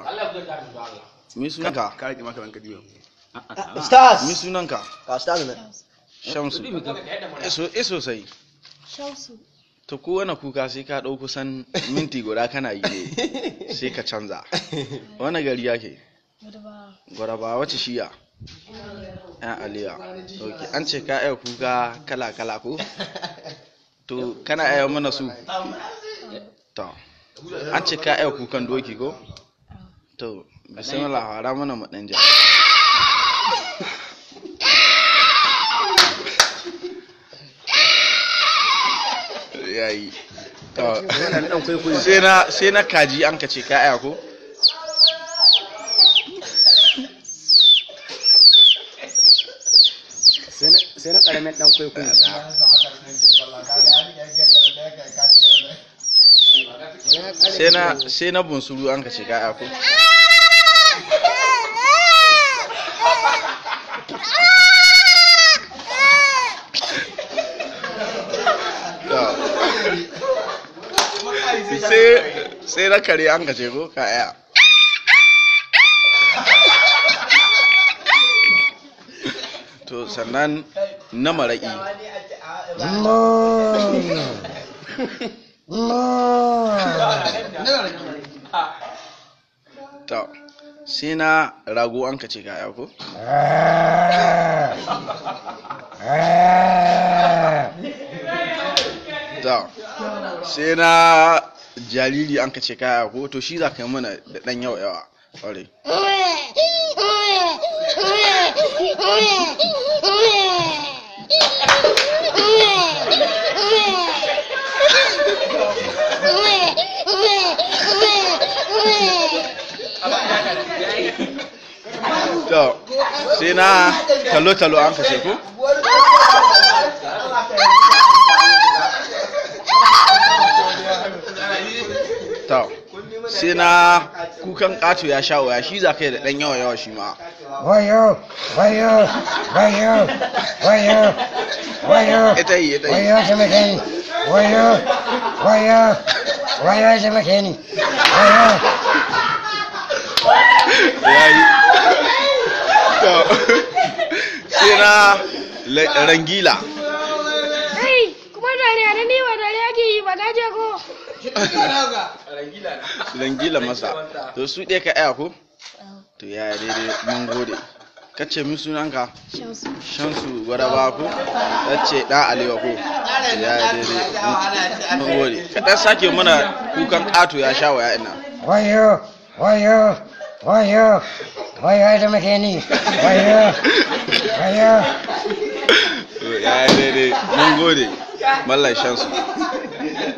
Allah ya da Allah me sunanka ka rike maka ranka diwa stars me sunanka ka stars ne shamsu eso eso sai shamsu to kowane kuka sai ka ɗau kusan minti guda kana yi ne sai ka canza wani gari yake gwaraba wace shiya yan aliya ok an ce ka iya kuka kala kala ko to kana iya mana su to an ce ka iya kukan doki ko to bismillah fara mana mu dan yayi sai na kaji an kace ka aya ko sai na ƙaramin ɗan kwaikwayo sai na bunsuru an ka ce ka aya ko sai na kare an gaje ko ka to sannan na maraƙi to sai na rago an ka ce kaya ko sai na jariri an ka ce kaya ko to shi za ka yi mana da ɗan yawa yawa ƙwarai sai na talo-talo an ka ku? sai na kukan ƙato ya sha waya shi za ka yi da ɗan yawa yawa shi ma wayo wayo wayo wayo wayo ita yi ita yi wayo shi muke ni wayo wayo wayo shi muke ni wayo rangila kuma dare ni wa dare yi ba gaje ko rangila masa to su ɗaya ka aya ko to ya daidai mun gode ka ce min sunanka shansu ba ku? ta ce ɗan aliyu ko ya daidai mun gode ka ɗan sake mana kukan ƙato ya sha wa ina wayo wayo wayo wai ya dai mun gode mallan